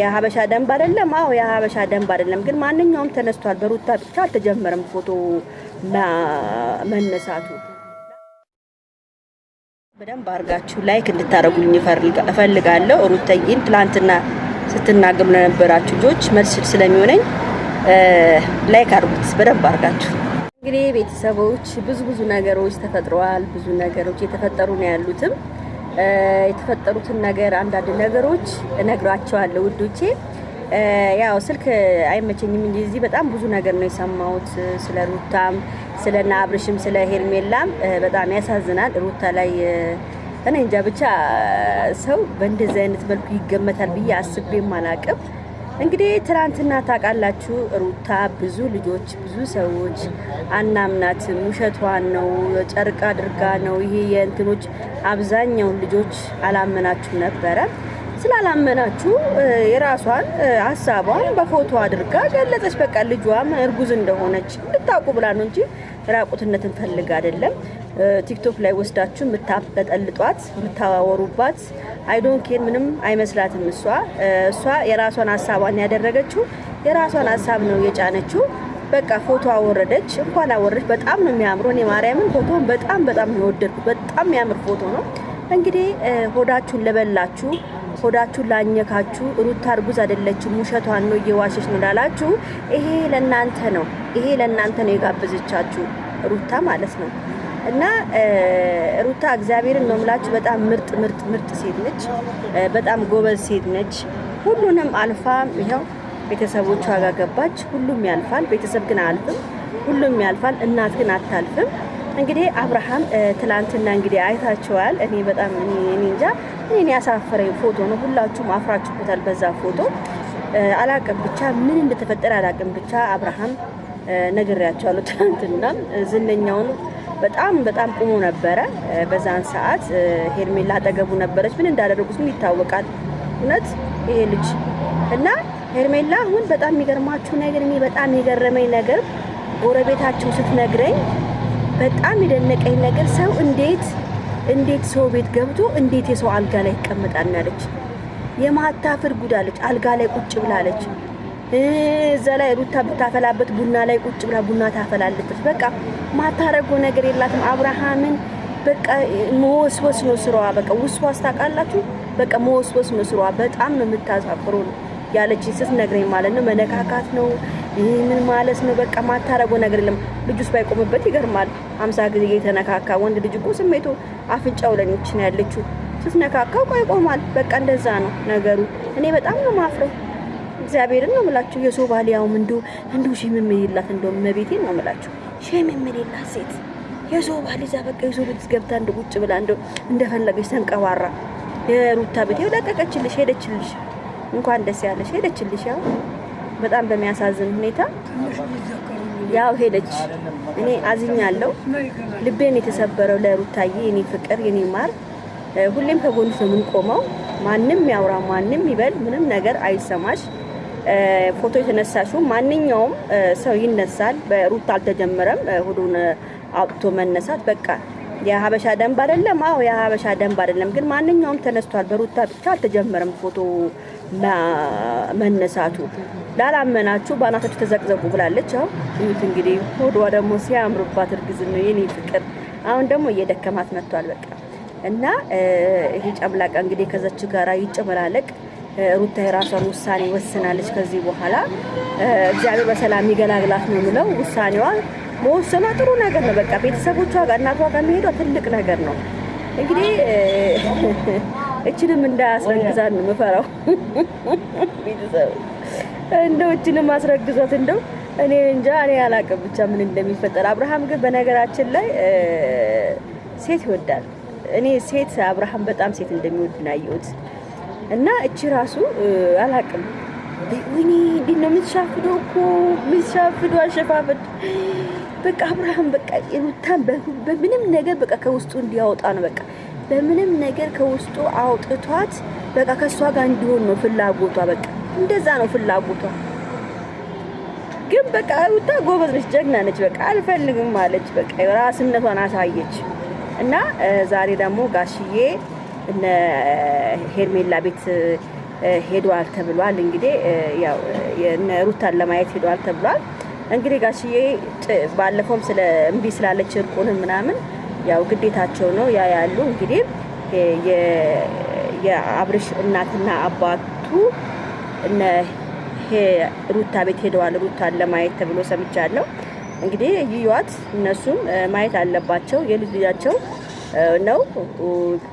የሀበሻ ደንብ አይደለም። አዎ የሀበሻ ደንብ አይደለም፣ ግን ማንኛውም ተነስቷል። በሩታ ብቻ አልተጀመረም ፎቶ መነሳቱ። በደንብ አድርጋችሁ ላይክ እንድታደርጉልኝ እፈልጋለሁ። ሩተይን ትላንትና ስትናገሩ ለነበራችሁ ልጆች መልስ ስለሚሆነኝ ላይክ አድርጉት በደንብ አድርጋችሁ። እንግዲህ ቤተሰቦች ብዙ ብዙ ነገሮች ተፈጥረዋል። ብዙ ነገሮች የተፈጠሩ ነው ያሉትም የተፈጠሩትን ነገር አንዳንድ ነገሮች እነግራቸዋለሁ ውዶቼ። ያው ስልክ አይመቸኝም እንጂ እዚህ በጣም ብዙ ነገር ነው የሰማሁት። ስለ ሩታም ስለ ናብርሽም ስለ ሄርሜላም በጣም ያሳዝናል። ሩታ ላይ እኔ እንጃ ብቻ ሰው በእንደዚህ አይነት መልኩ ይገመታል ብዬ አስቤም አላቅም። እንግዲህ ትናንትና ታውቃላችሁ ሩታ ብዙ ልጆች ብዙ ሰዎች አናምናትም፣ ውሸቷን ነው፣ ጨርቅ አድርጋ ነው። ይሄ የእንትኖች አብዛኛውን ልጆች አላመናችሁ ነበረ። ስላላመናችሁ የራሷን ሀሳቧን በፎቶ አድርጋ ገለጸች። በቃ ልጇም እርጉዝ እንደሆነች እንድታውቁ ብላ ነው እንጂ ራቁትነትን ፈልግ አይደለም። ቲክቶክ ላይ ወስዳችሁ የምታበጠልጧት የምታወሩባት አይዶንኬር ምንም አይመስላትም። እሷ እሷ የራሷን ሀሳቧን ያደረገችው የራሷን ሀሳብ ነው የጫነችው። በቃ ፎቶ አወረደች። እንኳን አወረደች። በጣም ነው የሚያምረው። እኔ ማርያምን ፎቶን በጣም በጣም ነው በጣም የሚያምር ፎቶ ነው። እንግዲህ ሆዳችሁን ለበላችሁ ሆዳችሁ ላኘካችሁ ሩታ እርጉዝ አይደለችም ውሸቷን ነው እየዋሸች ነው ላላችሁ ይሄ ለእናንተ ነው። ይሄ ለእናንተ ነው የጋበዘቻችሁ ሩታ ማለት ነው። እና ሩታ እግዚአብሔርን ነው የምላችሁ። በጣም ምርጥ ምርጥ ምርጥ ሴት ነች። በጣም ጎበዝ ሴት ነች። ሁሉንም አልፋ ይኸው ቤተሰቦቿ ጋር ገባች። ሁሉም ያልፋል። ቤተሰብ ግን አልፍም ሁሉም ያልፋል። እናት ግን አታልፍም። እንግዲህ አብርሃም ትላንትና እንግዲህ አይታችኋል። እኔ በጣም እኔ እንጃ እኔን ያሳፈረኝ ፎቶ ነው። ሁላችሁም አፍራችሁበታል በዛ ፎቶ። አላቅም ብቻ ምን እንደተፈጠረ አላቅም። ብቻ አብርሃም ነግሬያቸዋለሁ። ትላንትና ዝነኛውን በጣም በጣም ቁሞ ነበረ። በዛን ሰዓት ሄርሜላ አጠገቡ ነበረች። ምን እንዳደረጉት ይታወቃል። እውነት ይሄ ልጅ እና ሄርሜላ አሁን በጣም የሚገርማችሁ ነገር እኔ በጣም የገረመኝ ነገር ጎረቤታችሁ ስትነግረኝ በጣም የደነቀኝ ነገር ሰው እንዴት እንዴት ሰው ቤት ገብቶ እንዴት የሰው አልጋ ላይ ይቀመጣል ያለች የማታፍር ጉዳለች። አልጋ ላይ ቁጭ ብላለች። እዛ ላይ ሩታ ብታፈላበት ቡና ላይ ቁጭ ብላ ቡና ታፈላለች። በቃ ማታረጎ ነገር የላትም። አብርሃምን በቃ መወስወስ ነው ስራዋ። በቃ ውስዋስ ታውቃላችሁ። በቃ መወስወስ ነው ስራዋ። በጣም ነው የምታሳፍረው ያለች ስትነግረኝ ማለት ነው። መነካካት ነው ይህ ምን ማለት ነው? በቃ ማታረገው ነገር የለም። ውስጥ ባይቆምበት ይገርማል። አምሳ ጊዜ እየተነካካ ወንድ ልጅ እኮ ስሜቱ አፍንጫው ላይ ነው ያለችው። ስትነካካው ይቆማል። በቃ እንደዛ ነው ነገሩ። እኔ በጣም ነው ማፍረው። እግዚአብሔርን ነው ምላችሁ። የሰው ባሊያውም ያውም እንዶ እንዶ ሼም የምንላት እንዶ መቤቴ ነው ምላችሁ። ሼም የምንላት ሴት የሰው ባል ዛ በቃ የሰው ልጅ ገብታ እንደ ቁጭ ብላ እንደ እንደፈለገች ተንቀባራ የሩታ ቤት ለቀቀችልሽ፣ ሄደችልሽ። እንኳን ደስ ያለሽ ሄደችልሽ ያው በጣም በሚያሳዝን ሁኔታ ያው ሄደች። እኔ አዝኛለሁ። ልቤን የተሰበረው ለሩታዬ የኔ ፍቅር የኔ ማር ሁሌም ከጎንሽ ነው የምንቆመው። ማንም ያውራ ማንም ይበል፣ ምንም ነገር አይሰማሽ። ፎቶ የተነሳሽው ማንኛውም ሰው ይነሳል። በሩታ አልተጀመረም። ሁሉን አውጥቶ መነሳት በቃ የሀበሻ ደንብ አይደለም። አዎ የሀበሻ ደንብ አይደለም፣ ግን ማንኛውም ተነስቷል። በሩታ ብቻ አልተጀመረም ፎቶ መነሳቱ ላላመናችሁ በአናታችሁ ተዘቅዘቁ ብላለች። አሁን ይሁት እንግዲህ ሆዷ ደግሞ ሲያምሩባት እርግዝ ነው የኔ ፍቅር። አሁን ደግሞ እየደከማት መጥቷል። በቃ እና ይሄ ጨምላቃ እንግዲህ ከዘች ጋር ይጨመላለቅ። ሩታ የራሷን ውሳኔ ወስናለች። ከዚህ በኋላ እግዚአብሔር በሰላም ይገላግላት ነው የምለው። ውሳኔዋ መወሰኗ ጥሩ ነገር ነው። በቃ ቤተሰቦቿ ጋር እናቷ ጋር መሄዷ ትልቅ ነገር ነው እንግዲህ እችንም እንዳያስረግዛት ነው የምፈራው። ቤተሰብ እንደው እችንም አስረግዟት እንደው እኔ እንጃ እኔ አላውቅም ብቻ ምን እንደሚፈጠር። አብርሃም ግን በነገራችን ላይ ሴት ይወዳል። እኔ ሴት አብርሃም በጣም ሴት እንደሚወድ ነው እና እቺ ራሱ አላቅም ወይኔ እንዴት ነው የምትሻፍዶ እኮ የምትሻፍዶ አሸፋፈድ በቃ አብርሃም በቃ ሩታን በምንም ነገር በቃ ከውስጡ እንዲያወጣ ነው በቃ በምንም ነገር ከውስጡ አውጥቷት በቃ ከእሷ ጋር እንዲሆን ነው ፍላጎቷ። በቃ እንደዛ ነው ፍላጎቷ። ግን በቃ ሩታ ጎበዝ ነች፣ ጀግና ነች። በቃ አልፈልግም ማለች። በቃ ራስነቷን አሳየች እና ዛሬ ደግሞ ጋሽዬ እነ ሄርሜላ ቤት ሄደዋል ተብሏል። እንግዲህ ያው ሩታን ለማየት ሄደዋል ተብሏል። እንግዲህ ጋሽዬ ባለፈውም ስለ እምቢ ስላለች እርቁንም ምናምን ያው ግዴታቸው ነው። ያ ያሉ እንግዲህ የአብርሽ እናትና አባቱ እነ ሩታ ቤት ሄደዋል ሩታን ለማየት ተብሎ ሰምቻለሁ። እንግዲህ ይዩዋት፣ እነሱም ማየት አለባቸው። የልጅ ልጃቸው ነው።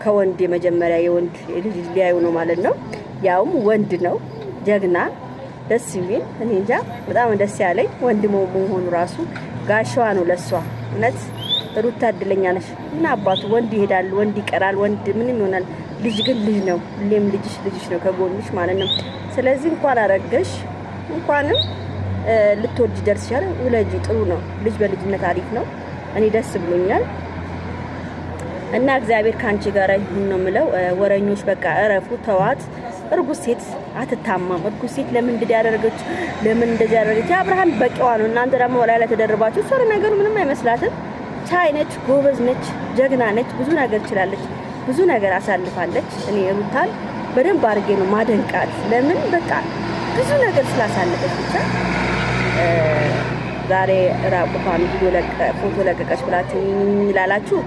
ከወንድ የመጀመሪያ የወንድ የልጅ ሊያዩ ነው ማለት ነው። ያውም ወንድ ነው፣ ጀግና፣ ደስ የሚል እኔ እንጃ፣ በጣም ደስ ያለኝ ወንድሞ መሆኑ ራሱ ጋሻዋ ነው ለሷ እውነት ሩታ እድለኛ ነሽ። ምን አባቱ ወንድ ይሄዳል፣ ወንድ ይቀራል፣ ወንድ ምንም ይሆናል። ልጅ ግን ልጅ ነው። ሁሌም ልጅሽ ልጅሽ ነው ከጎንሽ ማለት ነው። ስለዚህ እንኳን አረገሽ እንኳንም ልትወልጅ ደርሰሻል። ውለጂ፣ ጥሩ ነው። ልጅ በልጅነት አሪፍ ነው። እኔ ደስ ብሎኛል እና እግዚአብሔር ከአንቺ ጋር ይሁን ነው የምለው። ወረኞች በቃ እረፉ፣ ተዋት። እርጉዝ ሴት አትታማም። እርጉዝ ሴት ለምን እንደዚህ ያደረገች? ለምን እንደዚህ ያደረገች? አብርሃም በቂዋ ነው። እናንተ ደግሞ ላይ ላይ ተደርባችሁ ሰሩ ነገሩ ምንም አይመስላትም። ቻይ ነች፣ ጎበዝ ነች፣ ጀግና ነች፣ ብዙ ነገር ችላለች፣ ብዙ ነገር አሳልፋለች። እኔ ሩታን በደንብ አድርጌ ነው ማደንቃት። ለምን በቃ ብዙ ነገር ስላሳለፈች ብቻ ዛሬ ራቁቷን ፎቶ ለቀቀች ብላችሁ ይላላችሁ።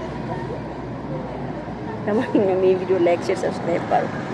ለማንኛውም የቪዲዮ ላይክ፣ ሼር፣ ሰብስክራይብ